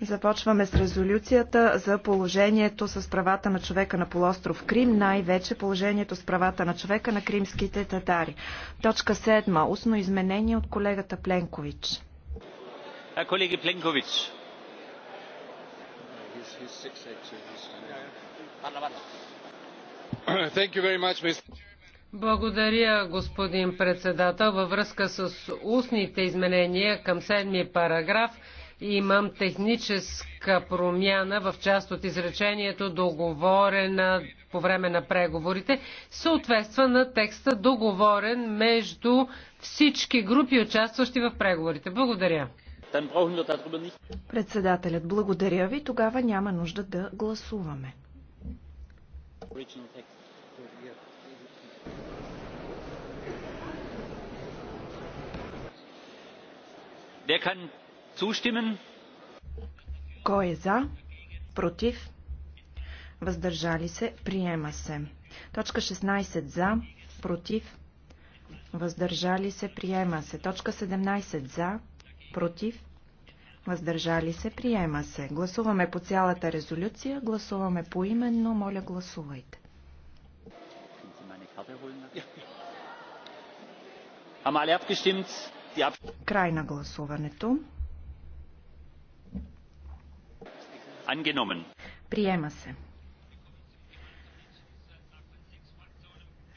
Започваме с резолюцията за положението с правата на човека на полуостров Крим, най-вече положението с правата на човека на кримските татари. Точка 7. Устно изменение от колегата Пленкович. Е, колеги Пленкович. Благодаря. Благодаря, господин председател. Във връзка с устните изменения към седми параграф имам техническа промяна в част от изречението договорена по време на преговорите. Съответства на текста договорен между всички групи, участващи в преговорите. Благодаря. Председателят, благодаря ви. Тогава няма нужда да гласуваме. Original text. Wer kann zustimmen? Кой е за? Против? Въздържали се? Приема се. Точка 16 за, против, въздържали се, приема се. Точка 17 за, против, въздържали се, приема се. Гласуваме по цялата резолюция, гласуваме по именно. моля гласувайте. Haben alle Край на гласуването. Приема се.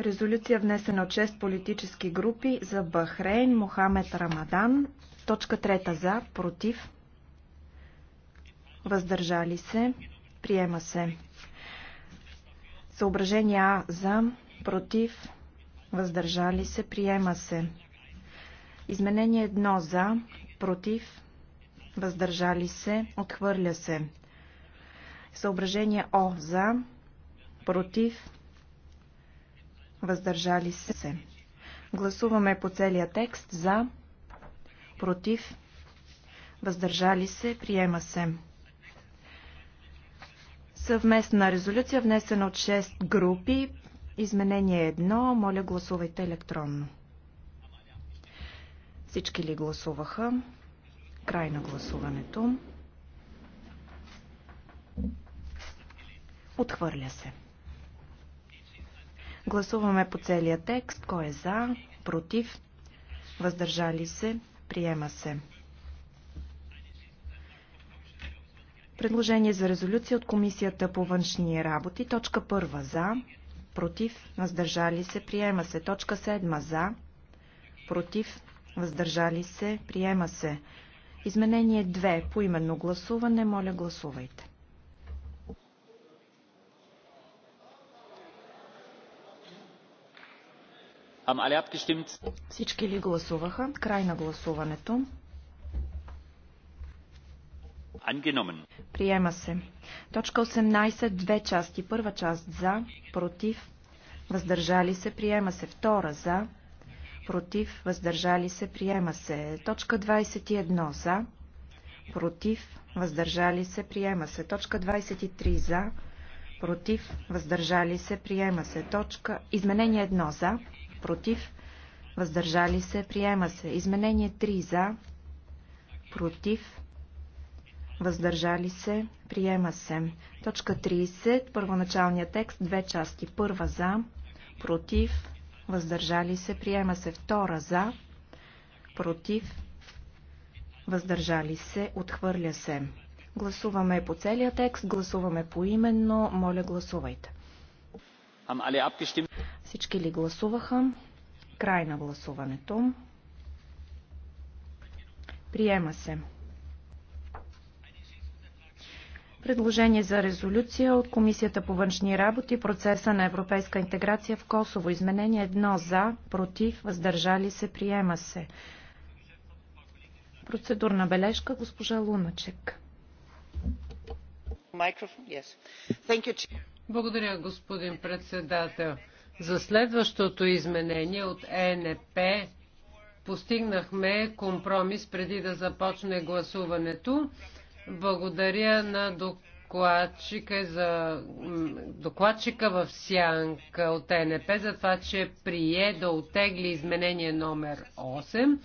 Резолюция внесена от 6 политически групи за Бахрейн, Мохамед Рамадан. Точка трета за, против. Въздържали се. Приема се. Съображение А за, против. Въздържали се. Приема се. Изменение едно за, против, въздържали се, отхвърля се. Съображение О за, против, въздържали се. Гласуваме по целия текст за, против, въздържали се, приема се. Съвместна резолюция, внесена от 6 групи. Изменение 1. Моля, гласувайте електронно. Всички ли гласуваха? Край на гласуването. Отхвърля се. Гласуваме по целия текст. Кой е за? Против? Въздържали се? Приема се. Предложение за резолюция от Комисията по външни работи. Точка първа за, против, въздържали се, приема се. Точка седма за, против, въздържали се, приема се. Изменение 2 по именно гласуване, моля гласувайте. Всички ли гласуваха? Край на гласуването. Приема се. Точка 18, две части. Първа част за, против, въздържали се, приема се. Втора за, против, въздържали се, приема се. Точка 21 за, против, въздържали се, приема се. Точка 23 за, против, въздържали се, приема се. Точка... Изменение 1 за, против, въздържали се, приема се. Изменение 3 за, против, въздържали се, приема се. Точка 30, първоначалния текст, две части. Първа за, против, въздържали се, приема се. Втора за, против, въздържали се, отхвърля се. Гласуваме по целия текст, гласуваме поименно, моля гласувайте. Всички ли гласуваха? Край на гласуването. Приема се. Предложение за резолюция от Комисията по външни работи процеса на европейска интеграция в Косово. Изменение едно за, против, въздържали се, приема се. Процедурна бележка, госпожа Луначек. Благодаря, господин председател. За следващото изменение от ЕНП постигнахме компромис преди да започне гласуването. Благодаря на докладчика, за, докладчика в Сянка от ЕНП за това, че прие да отегли изменение номер 8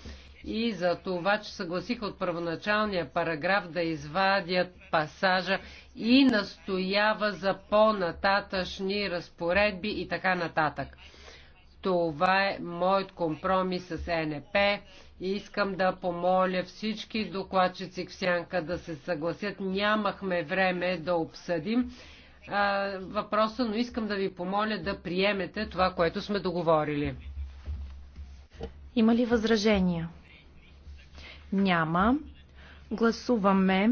и за това, че съгласиха от първоначалния параграф да извадят пасажа и настоява за по-нататъчни разпоредби и така нататък. Това е моят компромис с НП и искам да помоля всички докладчици в сянка да се съгласят. Нямахме време да обсъдим а, въпроса, но искам да ви помоля да приемете това, което сме договорили. Има ли възражения? Няма. Гласуваме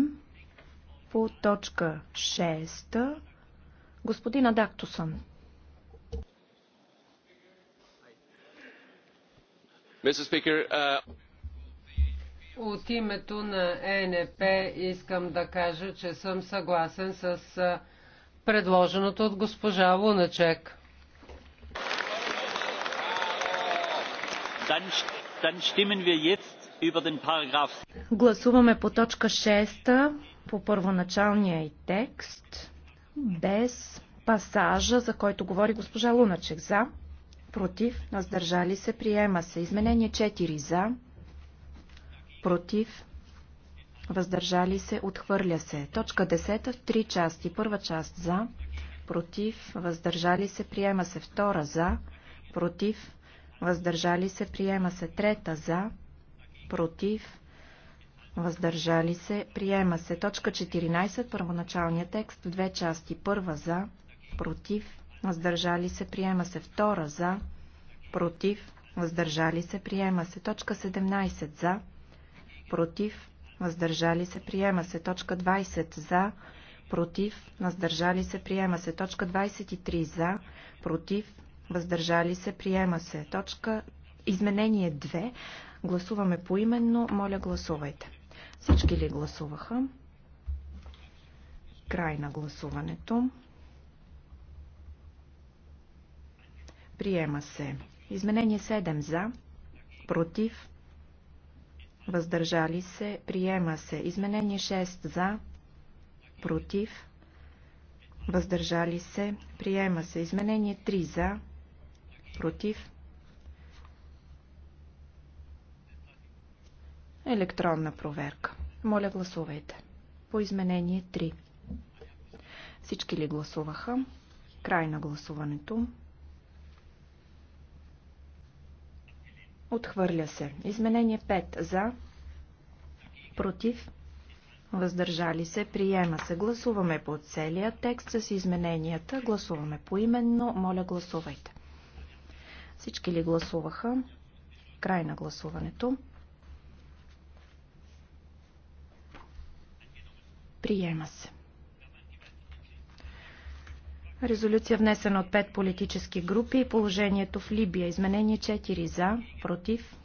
по точка 6. Господин Адактусон. Uh, от името на ЕНП искам да кажа, че съм съгласен с предложеното от госпожа Луначек. Гласуваме по точка 6 по първоначалния и текст без пасажа, за който говори госпожа Луначек. За против, въздържали се, приема се. Изменение 4 за, против, въздържали се, отхвърля се. Точка 10 в три части. Първа част за, против, въздържали се, приема се. Втора за, против, въздържали се, приема се. Трета за, против, въздържали се, приема се. Точка 14, първоначалния текст, две части. Първа за, против, въздържали се, приема се. Втора за, против, въздържали се, приема се. Точка 17 за, против, въздържали се, приема се. Точка 20 за, против, въздържали се, приема се. Точка 23 за, против, въздържали се, приема се. Точка изменение 2. Гласуваме поименно. Моля, гласувайте. Всички ли гласуваха? Край на гласуването. Приема се. Изменение 7 за. Против. Въздържали се. Приема се. Изменение 6 за. Против. Въздържали се. Приема се. Изменение 3 за. Против. Електронна проверка. Моля гласувайте. По изменение 3. Всички ли гласуваха? Край на гласуването. Отхвърля се. Изменение 5. За. Против. Въздържали се. Приема се. Гласуваме по целия текст с измененията. Гласуваме поименно. Моля, гласувайте. Всички ли гласуваха? Край на гласуването. Приема се. Резолюция внесена от пет политически групи и положението в Либия. Изменение 4 за, против,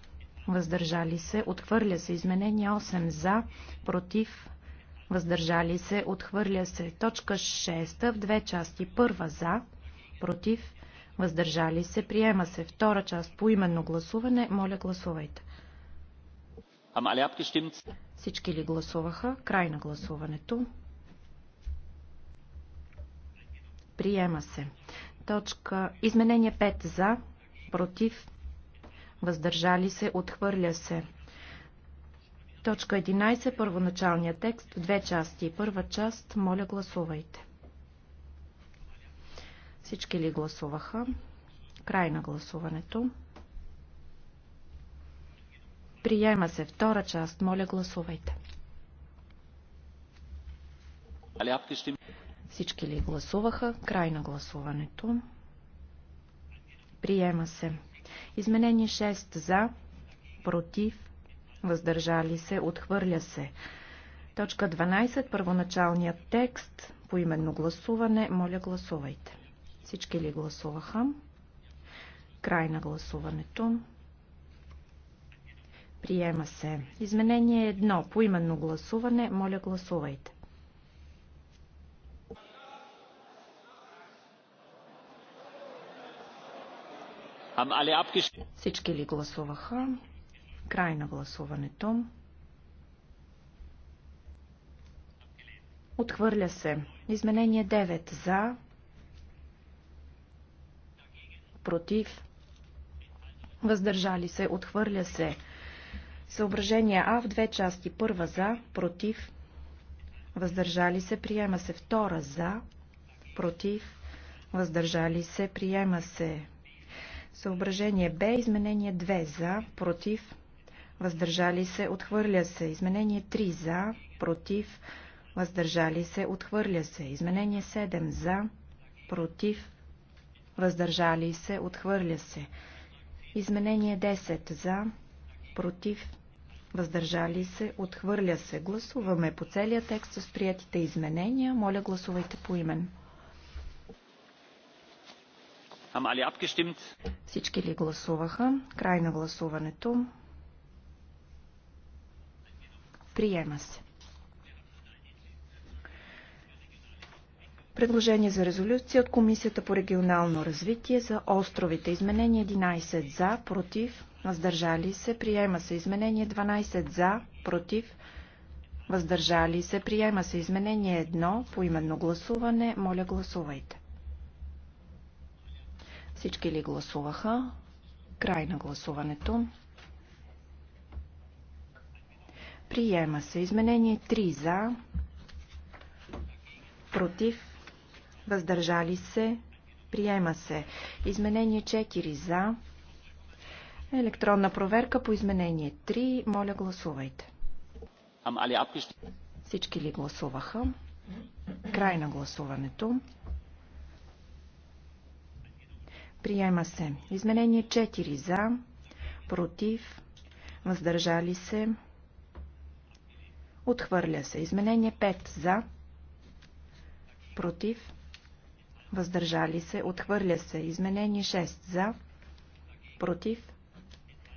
въздържали се, отхвърля се. Изменение 8 за, против, въздържали се, отхвърля се. Точка 6 в две части. Първа за, против, въздържали се, приема се. Втора част по именно гласуване. Моля, гласувайте. Всички ли гласуваха? Край на гласуването. Приема се. Точка. Изменение 5 за. Против. Въздържали се. Отхвърля се. Точка 11. Първоначалния текст. Две части. Първа част. Моля гласувайте. Всички ли гласуваха? Край на гласуването. Приема се втора част. Моля гласувайте. Всички ли гласуваха? Край на гласуването. Приема се. Изменение 6 за, против, въздържали се, отхвърля се. Точка 12, първоначалният текст, по именно гласуване, моля гласувайте. Всички ли гласуваха? Край на гласуването. Приема се. Изменение 1, по именно гласуване, моля гласувайте. Всички ли гласуваха? Край на гласуването. Отхвърля се. Изменение 9. За. Против. Въздържали се. Отхвърля се. Съображение А в две части. Първа за. Против. Въздържали се. Приема се. Втора за. Против. Въздържали се. Приема се. Съображение Б. Изменение 2 за, против, въздържали се, отхвърля се. Изменение 3 за, против, въздържали се, отхвърля се. Изменение 7 за, против, въздържали се, отхвърля се. Изменение 10 за, против, въздържали се, отхвърля се. Гласуваме по целия текст с приятите изменения. Моля, гласувайте по имен. Всички ли гласуваха? Край на гласуването. Приема се. Предложение за резолюция от Комисията по регионално развитие за островите. Изменение 11 за, против, въздържали се, приема се. Изменение 12 за, против, въздържали се, приема се. Изменение 1 по именно гласуване. Моля гласувайте. Всички ли гласуваха? Край на гласуването. Приема се. Изменение 3 за. Против. Въздържали се. Приема се. Изменение 4 за. Електронна проверка по изменение 3. Моля гласувайте. Всички ли гласуваха? Край на гласуването. Приема се. Изменение 4 за, против, въздържали се, отхвърля се. Изменение 5 за, против, въздържали се, отхвърля се. Изменение 6 за, против,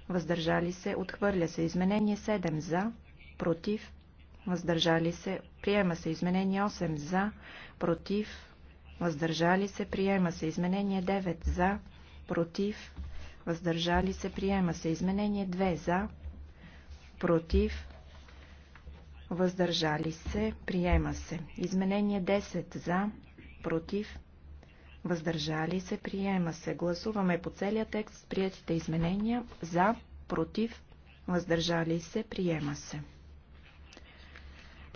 въздържали се, отхвърля се. Изменение 7 за, против, въздържали се, приема се. Изменение 8 за, против, въздържали се, приема се. Изменение 9 за, против, въздържали се, приема се. Изменение 2 за, против, въздържали се, приема се. Изменение 10 за, против, въздържали се, приема се. Гласуваме по целия текст с приятите изменения за, против, въздържали се, приема се.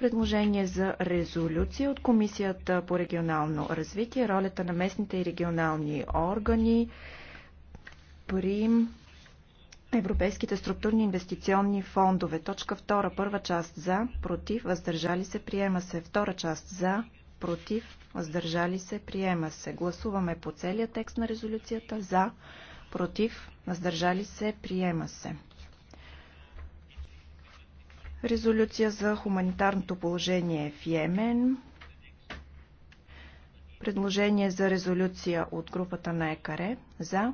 Предложение за резолюция от Комисията по регионално развитие, ролята на местните и регионални органи при Европейските структурни инвестиционни фондове. Точка 2. Първа част за, против, въздържали се, приема се. Втора част за, против, въздържали се, приема се. Гласуваме по целия текст на резолюцията за, против, въздържали се, приема се. Резолюция за хуманитарното положение в Йемен. Предложение за резолюция от групата на ЕКАРЕ. За.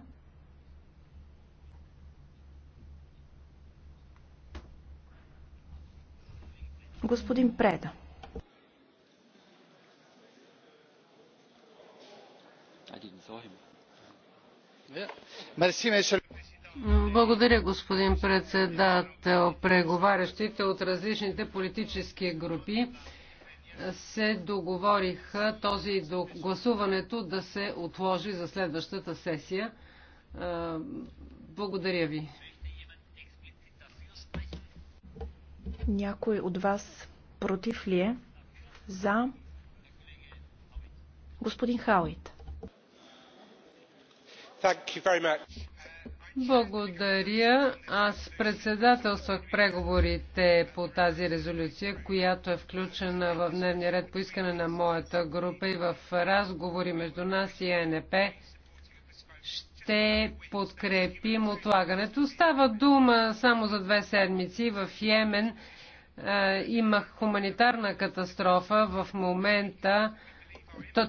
Господин Преда. Мерси, благодаря, господин председател. Преговарящите от различните политически групи се договориха този до гласуването да се отложи за следващата сесия. Благодаря ви. Някой от вас против ли е? За? Господин Хауит. Благодаря. Аз председателствах преговорите по тази резолюция, която е включена в дневния ред по искане на моята група и в разговори между нас и ЕНП ще подкрепим отлагането. Става дума само за две седмици в Йемен. Имах хуманитарна катастрофа. В момента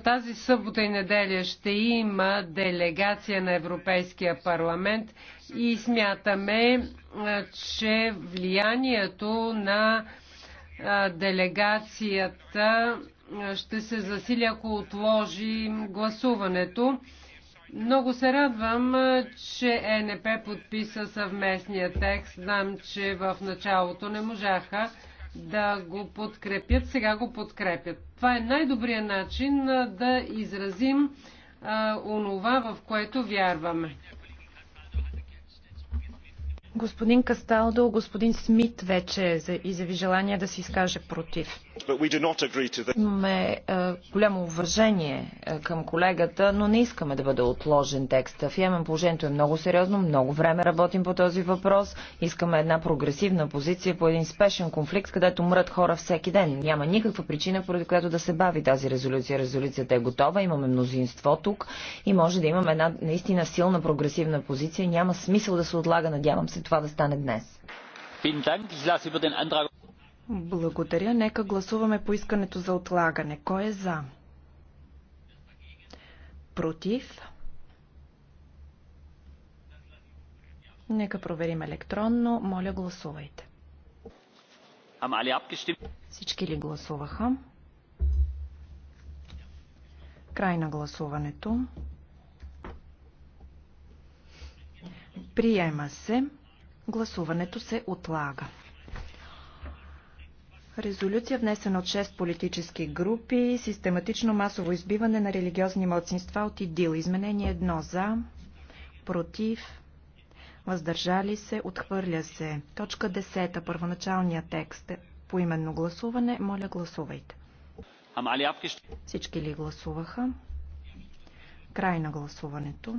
тази събота и неделя ще има делегация на Европейския парламент и смятаме, че влиянието на делегацията ще се засили, ако отложи гласуването. Много се радвам, че ЕНП подписа съвместния текст. Знам, че в началото не можаха да го подкрепят, сега го подкрепят. Това е най-добрият начин да изразим а, онова, в което вярваме. Господин Касталдо, господин Смит вече е изяви желание да се изкаже против. Имаме е, голямо уважение е, към колегата, но не искаме да бъде отложен текста. В Йемен положението е много сериозно, много време работим по този въпрос. Искаме една прогресивна позиция по един спешен конфликт, където мрат хора всеки ден. Няма никаква причина, поради която да се бави тази резолюция. Резолюцията е готова, имаме мнозинство тук и може да имаме една наистина силна прогресивна позиция. Няма смисъл да се отлага. Надявам се това да стане днес. Благодаря. Нека гласуваме по искането за отлагане. Кой е за? Против? Нека проверим електронно. Моля, гласувайте. Всички ли гласуваха? Край на гласуването. Приема се. Гласуването се отлага. Резолюция, внесена от 6 политически групи, систематично масово избиване на религиозни младсинства от ИДИЛ. Изменение 1 за, против, въздържали се, отхвърля се. Точка 10, първоначалния текст, по именно гласуване, моля гласувайте. Всички ли гласуваха? Край на гласуването.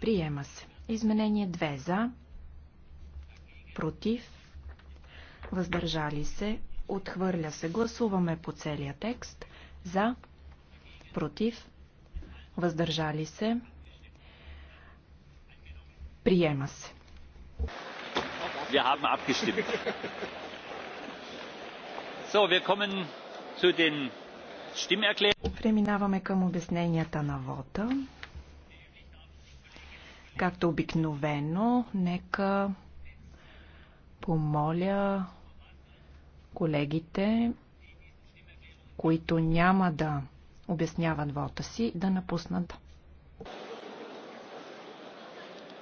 Приема се. Изменение 2 за, против, въздържали се, отхвърля се. Гласуваме по целия текст. За, против, въздържали се, приема се. Wir haben abgestimmt. So, wir kommen zu den Преминаваме към обясненията на вота. Както обикновено, нека помоля колегите, които няма да обясняват вота си, да напуснат.